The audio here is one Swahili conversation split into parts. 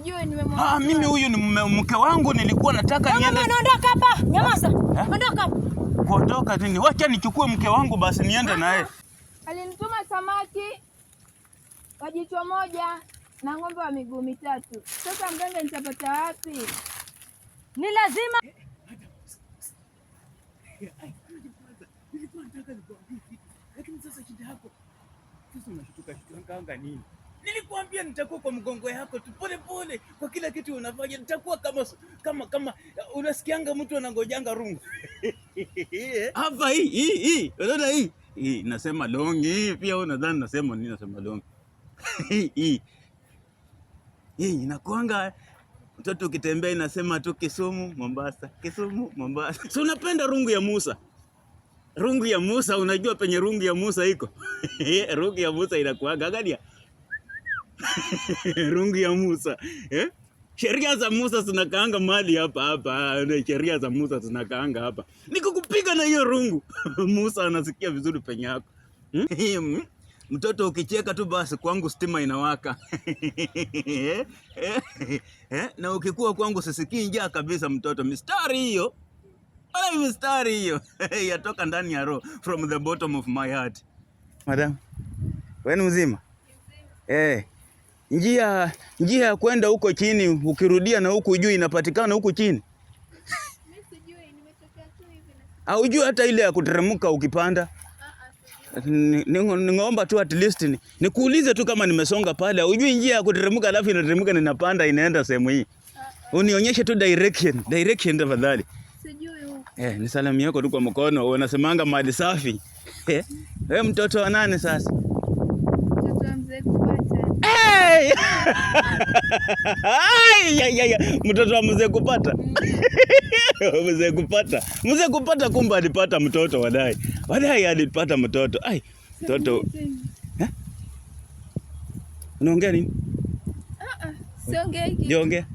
usijue nimemwona. Ah, mimi huyu ni mke wangu, nilikuwa nataka niende. Mama, ondoka hapa. Nyamaza. Eh? Ondoka hapa. Kuondoka nini? Wacha nichukue mke wangu basi niende naye. Alinituma samaki wa jicho moja na ng'ombe wa miguu mitatu. Sasa mganga nitapata wapi? Ni lazima Nilikuambia nitakuwa kwa mgongo yako tu pole pole, kwa kila kitu unafanya nitakuwa kama kama kama uh, unasikianga mtu anangojanga rungu hapa. Hii hii hii, unaona hii hii, nasema longi pia. Wewe nadhani nasema nini? Nasema longi hii hii hii, inakuanga eh, mtoto ukitembea, inasema tu Kisumu Mombasa, Kisumu Mombasa. So unapenda rungu ya Musa rungu ya Musa, unajua penye rungu ya Musa iko rungu ya Musa inakuaga, gani? rungu ya Musa eh? Sheria za Musa zinakaanga mali hapa hapa, na sheria za Musa zinakaanga hapa. Nikukupiga na hiyo rungu Musa anasikia vizuri penye yako hmm? hmm? Mtoto ukicheka tu basi kwangu stima inawaka eh? eh? Eh? na ukikuwa kwangu sisikii njaa kabisa. Mtoto mistari hiyo Ala mistari hiyo yatoka ndani ya roho, from the bottom of my heart. Madam, wewe ni mzima eh? Hey njia njia ya kwenda huko chini ukirudia na huku juu inapatikana huku chini haujui hata ile ya kuteremka ukipanda. Ah, ah, ningeomba tu at least nikuulize tu kama nimesonga pale, haujui njia ya kuteremka, alafu inateremka ninapanda inaenda sehemu hii, ah, unionyeshe tu direction, direction tafadhali. Eh, ni salamu yako tu kwa mkono, unasemanga mali safi. Wewe eh, mtoto wa nani sasa? Mtoto wa mzee mtoto wa mzee kupata mzee kupata mzee kupata, kumbe alipata mtoto wadai, wadai alipata mtoto. Ai, mtoto eh? unaongea nini? Ah, ah, Jiongea.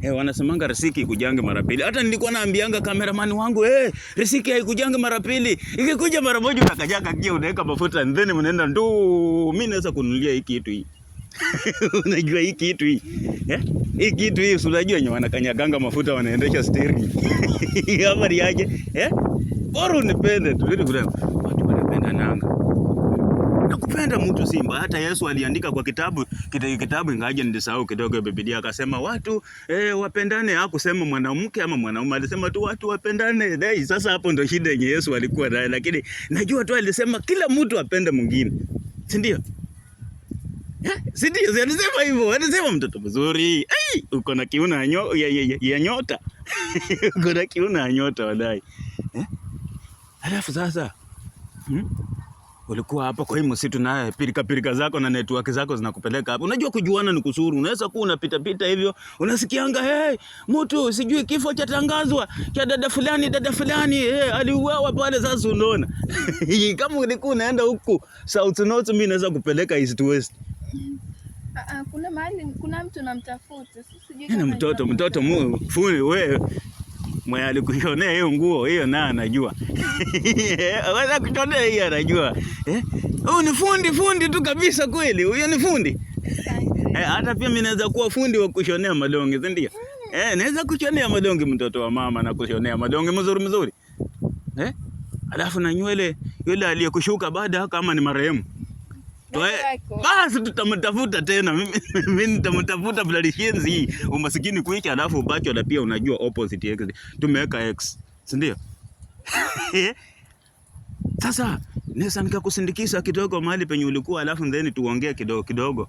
Hey, eh, wanasemanga risiki ikujange mara pili. Hata nilikuwa naambianga kameramani wangu, hey, eh, risiki haikujange mara pili. Ikikuja mara moja unakajaka kia unaweka mafuta and then mnaenda ndu. mi naweza kununulia hii kitu hii. Unajua hii kitu hii. Eh? Hii kitu hii unajua wenye wanakanyaganga mafuta wanaendesha steering. Habari riaje Eh? Bora unipende tu. Watu wanapenda nanga. Nakupenda mtu Simba. Hata Yesu aliandika kwa kitabu, kitabu kitabu ingaje nilisahau kidogo Biblia akasema watu eh, wapendane. Hakusema mwanamke ama mwanaume, alisema tu watu wapendane. Dai, sasa hapo ndio shida yenye Yesu alikuwa naye, lakini najua tu alisema kila mtu apende mwingine. Si ndio? sindio? si Anasema hivyo, anasema mtoto mzuri, uko na kiuno ya nyota uko na kiuno ya nyota wadai. eh? Alafu sasa hmm? Ulikuwa hapa kwa hii msitu na pirika pirika zako na network zako zinakupeleka hapo. Unajua kujuana ni kusuru. Unaweza kuwa unapita pita hivyo, unasikianga hey, mtu sijui kifo cha tangazwa cha dada fulani dada fulani hey, eh, aliuawa pale. Sasa unaona kama ulikuwa unaenda huku South North, mimi naweza kupeleka East West. Ah, ah, kuna mahali kuna mtu namtafuta. ni mtoto mtoto fundi wewe alikushonea hiyo nguo hiyo na anajua aweza kushonea hiyo anajua eh, huyu ni fundi fundi tu kabisa kweli huyo ni fundi eh, hata pia mimi naweza kuwa fundi wa kushonea madonge si ndio mm. eh naweza kushonea madonge mtoto wa mama na kushonea madonge mzuri mzuri eh alafu na nywele yule aliyekushuka baada kama ni marehemu basi tutamtafuta tena. Mimi nitamtafuta Flarishenzi hii umasikini kuiki, alafu ubaki na pia unajua opposite x tumeweka x, si ndio? Sasa nisa nikakusindikisha kidogo mahali penye ulikuwa, alafu then tuongee kidogo kidogo,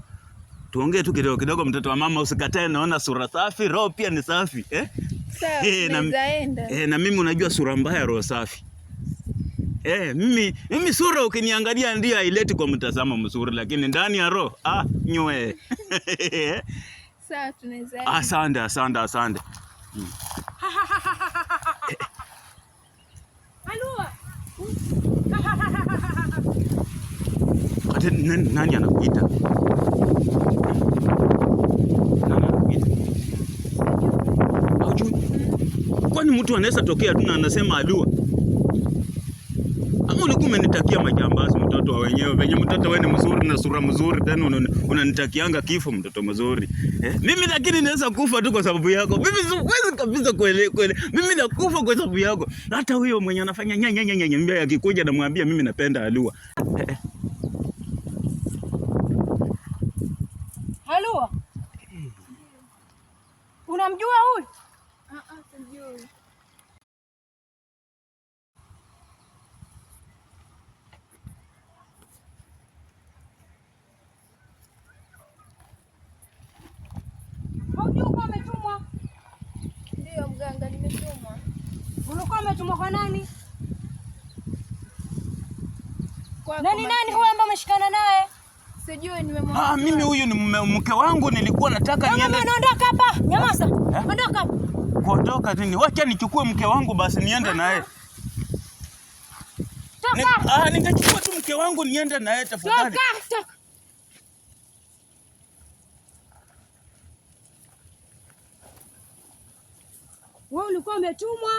tuongee tu kidogo kidogo. Mtoto wa mama usikatae, naona sura safi, roho pia ni safi eh? Sawa, eh, na, eh, na mimi unajua sura mbaya, roho safi Eh, mimi mimi sura ukiniangalia ndio haileti kwa mtazamo mzuri lakini ndani ya roho ah, nywe. Sawa tunaweza. Asante, asante, asante. Hmm. Nani anakuita? Nani anakuita? Kwani mtu anaweza tokea tu na anasema alua? Kama ulikuwa umenitakia majambazi mtoto wa wenyewe, venye mtoto wewe ni mzuri na sura mzuri tena unanitakianga kifo mtoto mzuri. Eh? Mimi lakini naweza kufa tu kwa sababu yako. Mimi siwezi kabisa kuelewa kweli. Mimi nakufa kwa sababu yako. Hata huyo mwenye anafanya nyanya nyanya nyanya akikuja namwambia mimi napenda alua. Eh, eh. Ulikuwa umetumwa kwa nani? Kwa nani? Nani huyo ambaye umeshikana naye? Sijui, nimemwona. Ah, mimi huyu ni mke wangu, nilikuwa nataka niende. naondoka hapa. Nyamaza. Eh? Ondoka Kuondoka nini? Wacha nichukue mke wangu basi niende naye. Toka. Ah, ningechukua tu mke wangu niende naye tafadhali. Toka, toka. umetumwa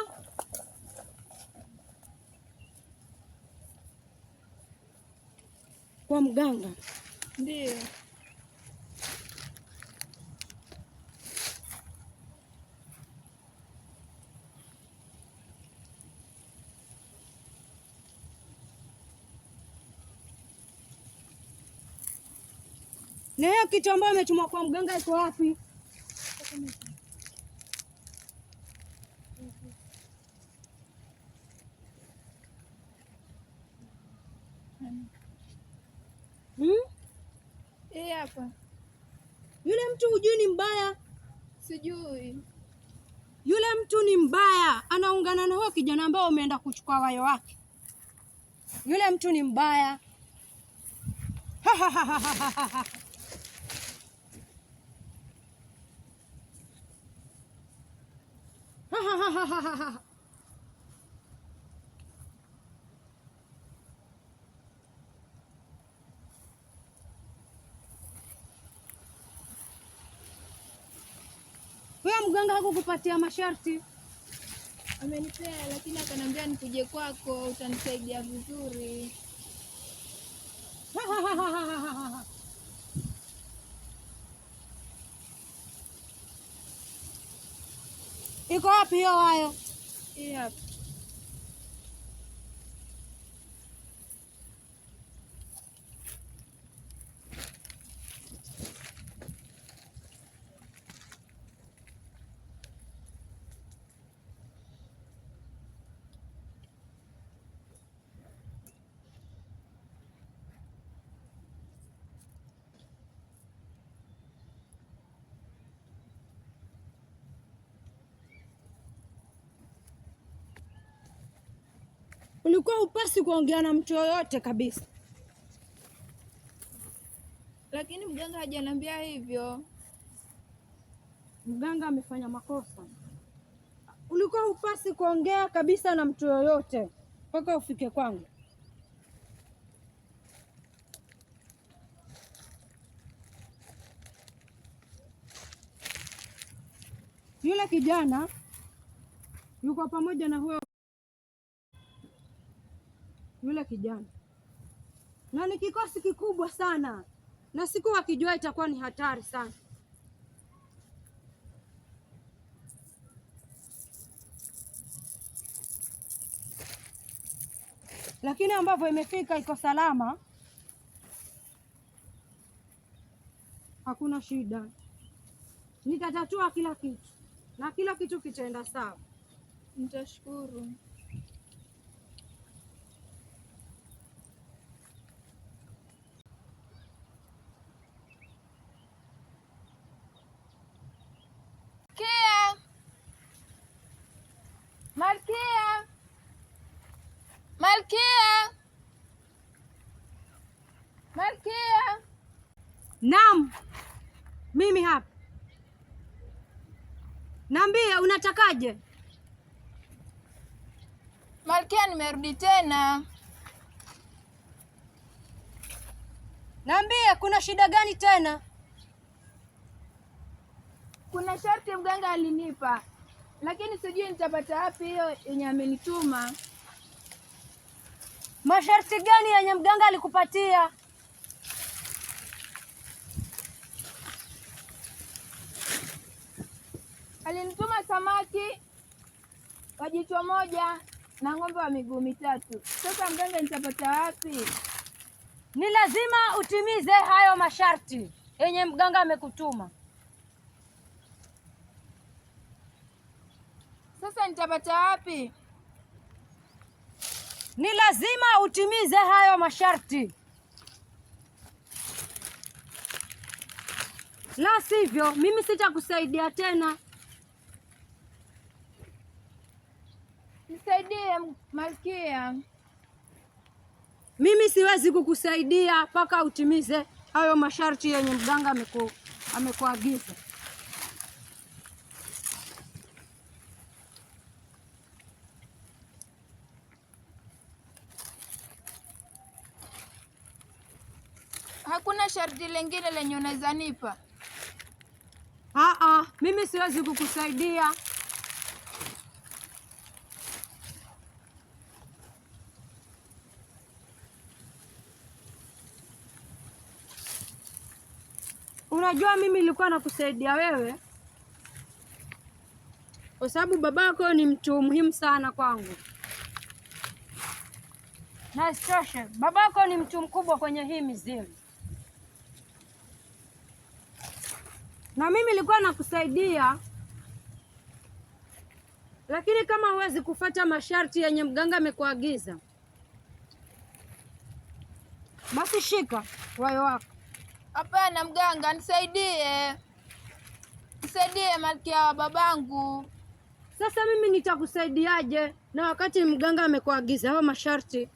kwa mganga, ndio na hiyo kitu ambayo umetumwa kwa mganga iko wapi? kutangamana na huyo kijana ambao umeenda kuchukua wayo wake. Yule mtu ni mbaya. Huyo mganga hakukupatia masharti. Amenipea lakini akaniambia nikuje kwako, utanisaidia vizuri. Iko wapi hiyo? Hayo Yep. ulikuwa upasi kuongea na mtu yoyote kabisa. Lakini mganga hajaniambia hivyo. Mganga amefanya makosa. Ulikuwa upasi kuongea kabisa na mtu yoyote mpaka ufike kwangu. Yule kijana yuko pamoja na huyo yule kijana, na ni kikosi kikubwa sana, na siku wakijua itakuwa ni hatari sana. Lakini ambavyo imefika iko salama, hakuna shida, nitatatua kila kitu na kila kitu kitaenda sawa. Nitashukuru. Malkia. Malkia. Naam. Mimi hapa. nambia unatakaje? Malkia, nimerudi tena. Naambia kuna shida gani tena? Kuna sharti mganga alinipa, lakini sijui nitapata wapi hiyo yenye amenituma. Masharti gani yenye mganga alikupatia? Alinituma samaki wa jicho moja na ng'ombe wa miguu mitatu. Sasa mganga, nitapata wapi? Ni lazima utimize hayo masharti yenye mganga amekutuma. Sasa nitapata wapi? ni lazima utimize hayo masharti, la sivyo mimi sitakusaidia tena. Nisaidie Malkia, mimi siwezi kukusaidia mpaka utimize hayo masharti yenye mganga amekuagiza. sharti lingine lenye unaweza nipa? Ah ah, mimi siwezi kukusaidia. Unajua mimi nilikuwa nakusaidia wewe kwa sababu babako ni mtu muhimu sana kwangu, na isitoshe babako ni mtu mkubwa kwenye hii mizimu. na mimi nilikuwa nakusaidia, lakini kama huwezi kufata masharti yenye mganga amekuagiza, basi shika wayo wako. Hapana mganga, nisaidie, nisaidie malkia wa babangu. Sasa mimi nitakusaidiaje na wakati mganga amekuagiza hayo masharti?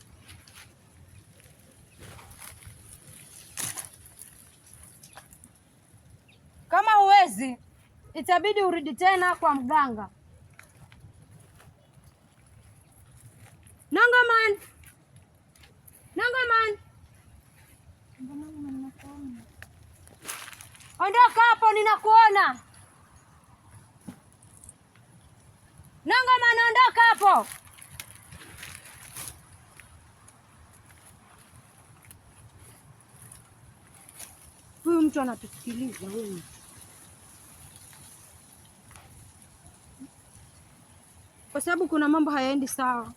Kama huwezi, itabidi urudi tena kwa mganga. Nangoman, Nangoman, ondoka hapo, ninakuona. Nangoman, ondoka hapo. Huyu mtu anatusikiliza huyu. kwa sababu kuna mambo hayaendi sawa,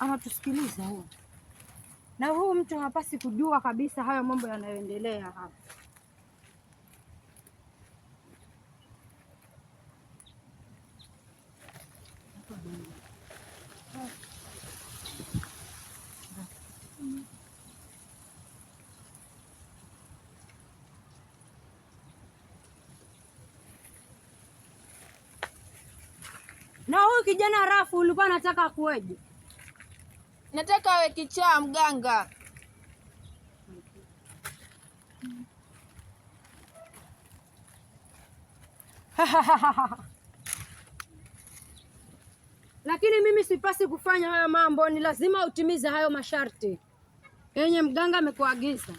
anatusikiliza huyo, na huyu mtu hapasi kujua kabisa hayo mambo yanayoendelea hapa. Na huyu kijana Rafu ulikuwa nataka kuweje? Nataka awe kichaa mganga. Lakini mimi sipasi kufanya hayo mambo, ni lazima utimize hayo masharti yenye mganga amekuagiza.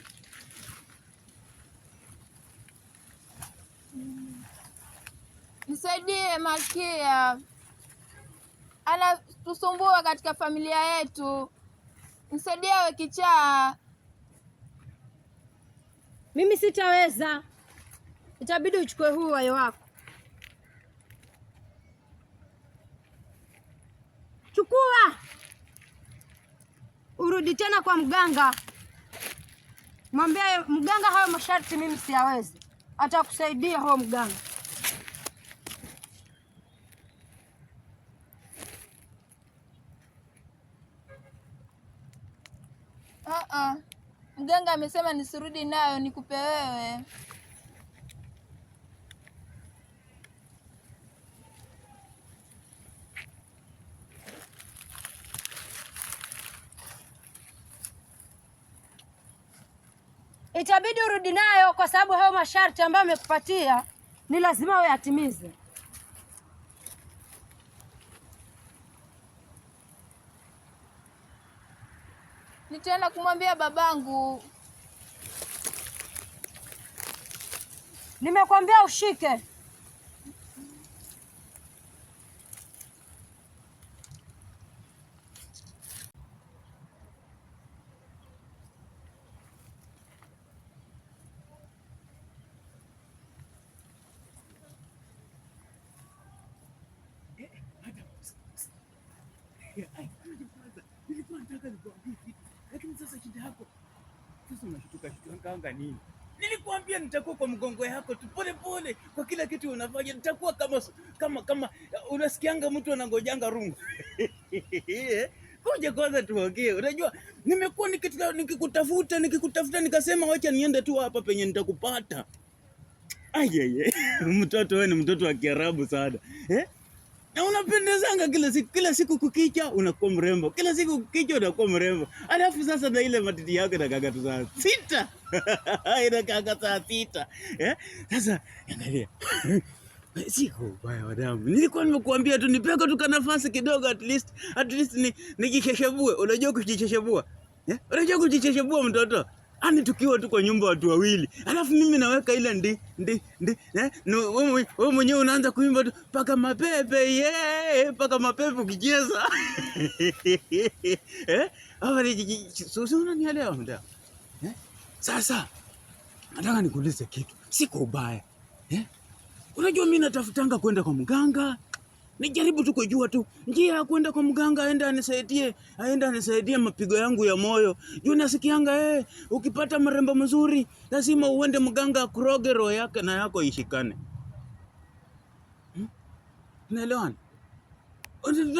Nisaidie Malkia anatusumbua katika familia yetu, msaidie awe kichaa. Mimi sitaweza, itabidi uchukue huu wayo wako. Chukua urudi tena kwa mganga, mwambie mganga hayo masharti mimi siyawezi, atakusaidia huo mganga. mganga amesema nisirudi nayo nikupe wewe. Itabidi urudi nayo kwa sababu hayo masharti ambayo amekupatia ni lazima uyatimize. tena kumwambia babangu. Nimekwambia ushike. Eh, eh, eh, lakini sasa shida yako sasa, unashtuka shutuka nini? Nilikuambia nitakuwa kwa mgongo yako tu pole pole, kwa kila kitu unafanya nitakuwa kama kama kama unasikianga mtu anangojanga rungu Kuja kwanza tuongee. Unajua nimekuwa nikikutafuta nikikutafuta, nikasema wacha niende tu hapa penye nitakupata. Ayeye, mtoto wewe ni mtoto wa Kiarabu sana eh? na unapendezanga kila siku, kila siku kukicha unakuwa mrembo, kila siku kukicha unakuwa mrembo. Alafu sasa na ile matiti yako inakaga tu saa sita inakaga saa sita eh? Sasa angalia siku ubaya wadamu, nilikuwa nimekuambia tu nipeko tu nafasi kidogo, at least at least ni, nikisheshabue. Unajua kujicheshabua eh? Unajua kujicheshabua mtoto Ani tukiwa tu kwa nyumba watu wawili. Alafu mimi naweka ile ndi ndi ndi. Eh? Wewe mwenyewe unaanza kuimba tu paka mapepe ye, yeah, paka mapepe ukicheza. eh? Awali sio sio unanielewa mda. Eh? Sasa nataka nikuulize kitu. Siko ubaya. Eh? Unajua mimi natafutanga kwenda kwa mganga, nijaribu tu kujua tu njia ya kwenda kwa mganga, aende anisaidie, aende anisaidie mapigo yangu ya moyo. Juu nasikianga eh, ukipata marembo mazuri lazima uende mganga akuroge roho yake na yako ishikane, hmm? Naelewana?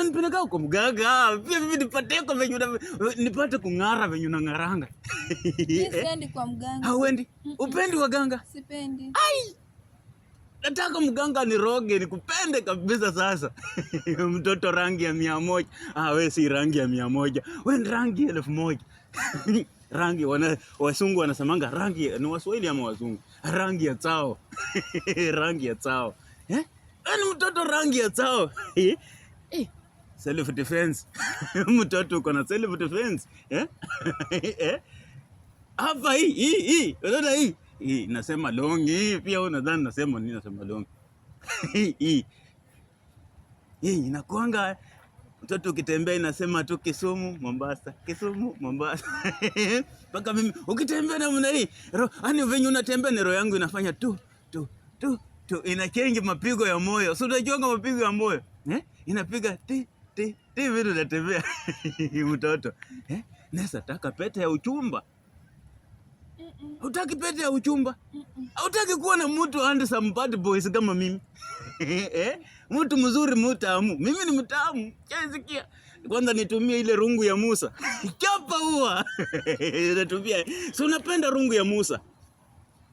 Nipeleka kwa mganga pia mimi nipate kwa venye nipate kung'ara venye unang'aranga. Yes, eh? Kwa mganga. Hauendi? Mm -mm. Upendi waganga? Sipendi. Ai! nataka mganga niroge nikupende kabisa sasa. mtoto rangi ya mia moja. Ah, we si rangi ya mia moja, we ni rangi elfu moja rangi wana, wasungu wanasemanga rangi ni waswahili ama wazungu, rangi ya tao rangi ya tao eh? ni mtoto rangi ya tao eh? eh? self defense mtoto uko na self defense eh? eh? hapa hii hii hii unaona hii hii nasema longi hii pia, wewe nadhani nasema nini? Nasema longi hii hii inakuanga mtoto ukitembea inasema tu Kisumu Mombasa, Kisumu Mombasa mpaka mimi ukitembea namna hii, yani venye unatembea nero yangu inafanya tu tu tu tu, inachange mapigo ya moyo. sio unajuanga mapigo ya moyo eh? Inapiga ti ti ti, vile unatembea mtoto eh? Nasa taka pete ya uchumba Hutaki pete ya uchumba. Hutaki kuwa na mtu some bad boys kama mimi. Eh? Mtu mzuri mtamu. Mimi ni mtamu. Chaisikia. Kwanza nitumie ile rungu ya Musa. Chapa huwa. Natumia. Si unapenda rungu ya Musa?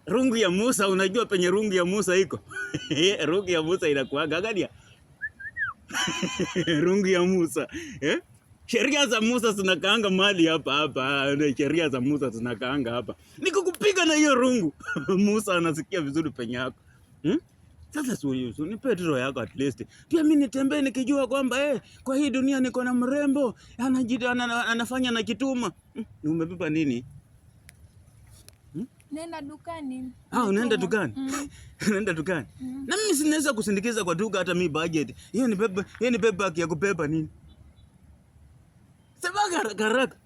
Rungu ya Musa, unajua penye rungu ya Musa iko? rungu ya Musa inakuaga gani? rungu ya Musa. Eh? Sheria za Musa zinakaanga mali hapa hapa, na sheria za Musa zinakaanga hapa. Nikukupiga na hiyo rungu Musa anasikia vizuri penye yako hmm? Sasa suri ni roho yako, at least pia mimi nitembee nikijua kwamba eh, kwa hii dunia niko na mrembo anajita, anafanya na kituma hmm? Umebeba nini? Hmm? Nenda dukani. Ah, unaenda dukani? Mm. Unaenda dukani? Mm. Na mimi sinaweza kusindikiza kwa duka hata mi budget. Hiyo ni beba, hiyo ni beba ya kubeba nini? Sema haraka.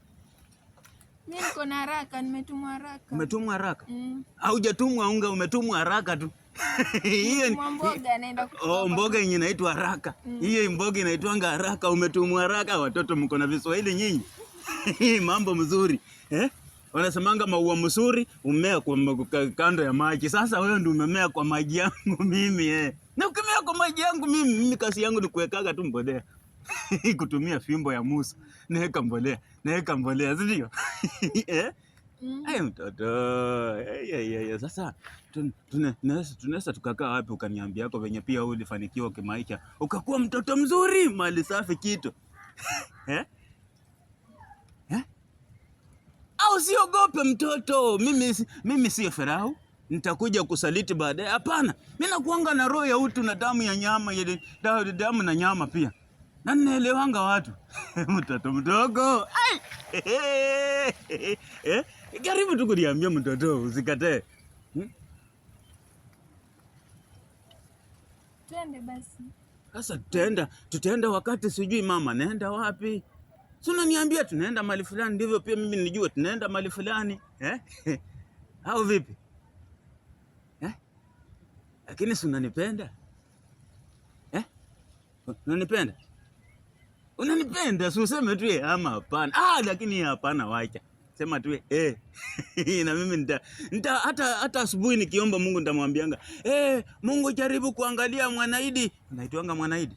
Mimi niko na haraka, nimetumwa haraka. Umetumwa haraka? Mm. Au hujatumwa unga, umetumwa haraka tu. Hiyo ni mboga naenda kutoka. Oh, mboga yenyewe inaitwa haraka. Mm. Hiyo mboga inaitwa anga haraka, umetumwa haraka. Watoto mko na Kiswahili nyinyi. Hii Mambo mzuri. Eh? Wanasemanga maua mzuri umea kwa kando ya maji. Sasa wewe ndio umemea kwa maji yangu mimi eh. Na ukimea kwa maji yangu mimi, mimi kasi yangu ni kuwekaga tu mbodea. kutumia fimbo ya Musa, naweka mbolea, naweka mbolea, si ndio? Eh? Ai mtoto. Sasa tunaweza tukakaa wapi ukaniambia yako venye pia wewe ulifanikiwa kimaisha ukakuwa mtoto mzuri mali safi kitu eh? Eh? Au siogope mtoto, mimi, mimi sio Farao nitakuja kusaliti baadaye. Hapana, mimi nakuanga na roho ya utu na damu ya nyama, damu na nyama pia na ninaelewanga watu mtoto mdogo eh? karibu tu kuniambia mtoto, usikate hmm? Twende basi. Sasa tutaenda tutaenda wakati sijui mama naenda wapi, si unaniambia tunaenda mali fulani, ndivyo pia mimi nijue tunaenda mali fulani eh? au vipi eh? Lakini si unanipenda eh? unanipenda Unanipenda, si useme tu eh, ama hapana. Ah, lakini eh, hapana, wacha sema tu eh. eh na mimi nita, nita hata hata asubuhi nikiomba Mungu nitamwambianga eh, Mungu jaribu kuangalia Mwanaidi, naitwanga Mwanaidi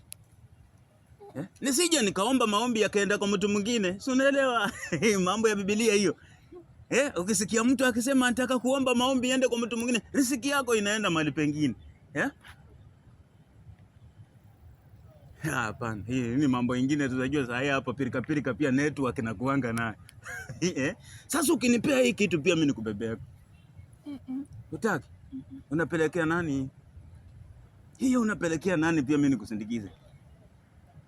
eh? nisije nikaomba maombi yakaenda kwa mtu mwingine, si unaelewa mambo ya Biblia hiyo eh? Ukisikia mtu akisema nataka kuomba maombi yende kwa mtu mwingine, riziki yako inaenda mahali pengine eh? Hapana, hii ni mambo ingine tunajua. Saa hii hapa pirika pirika pia network na kuanga naye eh? Sasa ukinipea hii kitu pia mimi nikubebea Mhm. -mm. Utaki mm -mm. Unapelekea nani hiyo? Unapelekea nani pia mimi nikusindikize?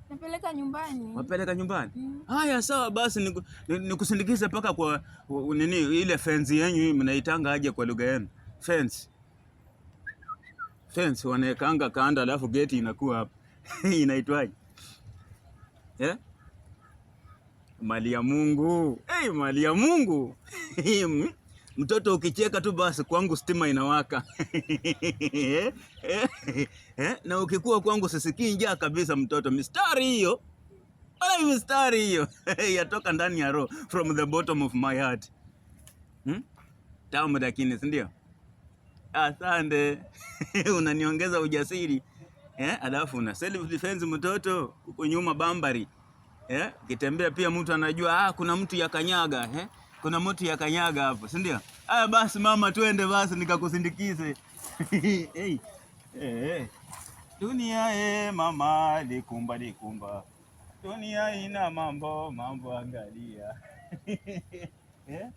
Napeleka nyumbani. Unapeleka nyumbani mm -hmm. Haya, sawa basi, nikusindikize paka kwa nini ile fence yenyu mnaitanga aje kwa lugha yenu? Fence, fence wanaekanga kanda, alafu geti inakuwa hapa inaitwaje eh? mali ya Mungu hey, mali ya Mungu mtoto ukicheka tu basi kwangu stima inawaka eh? Eh? na ukikuwa kwangu sisikii njaa kabisa mtoto. Mistari hiyo wala mistari hiyo yatoka ndani ya roho, from the bottom of my heart hmm? Tamu lakini, si ndio? Asante unaniongeza ujasiri eh, alafu na self defense mtoto huko nyuma bambari eh, kitembea pia mtu anajua ah, kuna mtu yakanyaga eh, kuna mtu yakanyaga hapo, si ndio? Ah, basi mama, twende basi nikakusindikize hey, hey. Eh, dunia e mama, likumba likumba, dunia ina mambo mambo, angalia eh?